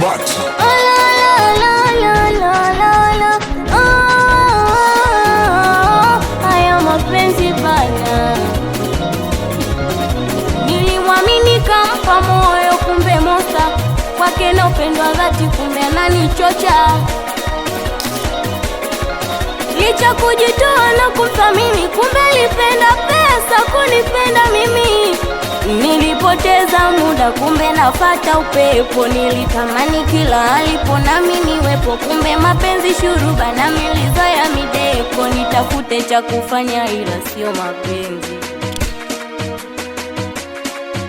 smart. kumbe dhati, kumbe ananichocha licha kujitoa na kumthamini, kumbe alipenda pesa kunipenda mimi nilipoteza niliota kumbe nafata upepo, nilitamani kila alipo nami niwepo, kumbe mapenzi shuruba na milizo ya mideko, nitafute cha kufanya ila sio mapenzi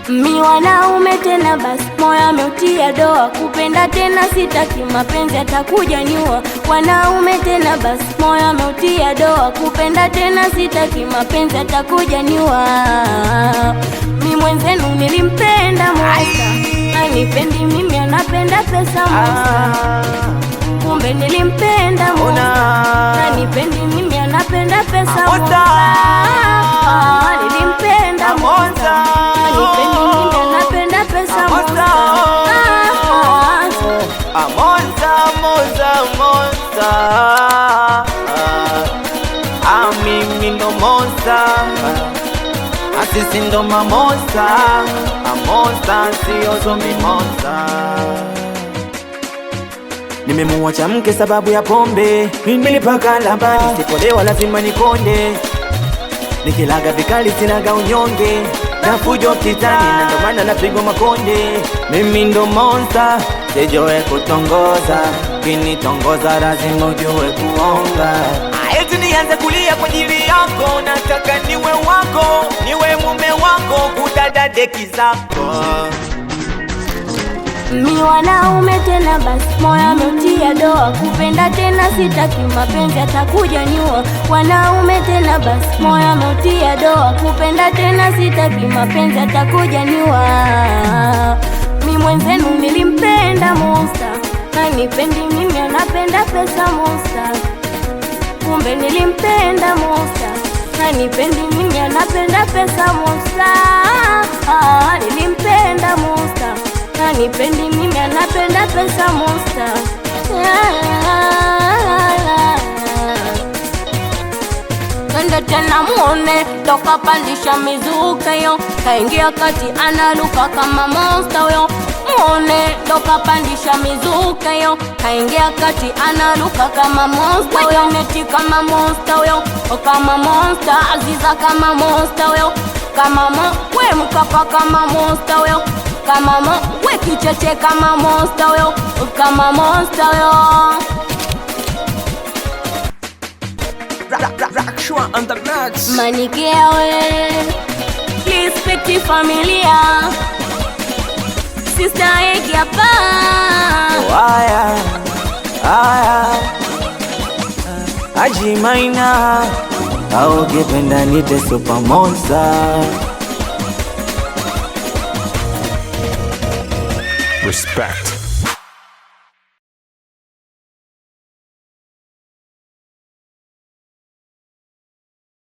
mi wanaume tena basi, moyo ameutia doa, kupenda tena sitaki, mapenzi atakuja nyua. Wanaume tena basi, moyo ameutia doa, kupenda tena sitaki, mapenzi atakuja nyua. Mi mwenzenu nilimpe Ah. nipendi mimi, anapenda pesa Musa. Kumbe ah, nilimpenda Musa, nipendi mimi, anapenda pesa Musa. Nilimpenda Musa, mimi, anapenda Musa. Ah, ah, ah, ah, ah, ah, ah, asisi ndo mamosa amosa siozo mimosa nimemuacha mke sababu ya pombe, nilipaka lamba nisipolewa, lazima nikonde, nikilaga vikali sinaga unyonge nafujo fujo na napigwa makonde. Mimi ndo monster, sijowe kutongoza, kinitongoza lazima ujue kuonga nianze kulia kwa ajili yako, nataka niwe wako, niwe mume wako, kutada deki zako mi wanaume tena, basi moyo ameutia doa, kupenda tena sitaki, mapenzi atakuja niua. Wanaume tena, basi moyo ameutia doa, kupenda tena sitaki, mapenzi atakuja niua. Mi mwenzenu nilimpenda monster, na nipendi mimi, anapenda pesa monster kumbe nilimpenda Musa, hanipendi mimi, anapenda pesa Musa. Ah, nilimpenda Musa, hanipendi mimi, anapenda pesa Musa. Kenda tena muone toka pandisha mizuka yo, kaingia kati, analuka kama monster yo muone doka pandisha mizuka yo kaingia kati analuka kama monster yo neti kama monster yo kama monster aziza kama monster yo kama mo we mkapa kama monster yo kama mo we kicheche kama monster yo kama monster yo Rakshwa on the max Manikia we eh. Please pity familia sistaeki hapa. Haya, haya, Haji Maina au kipenda nite Super Monster. Respect.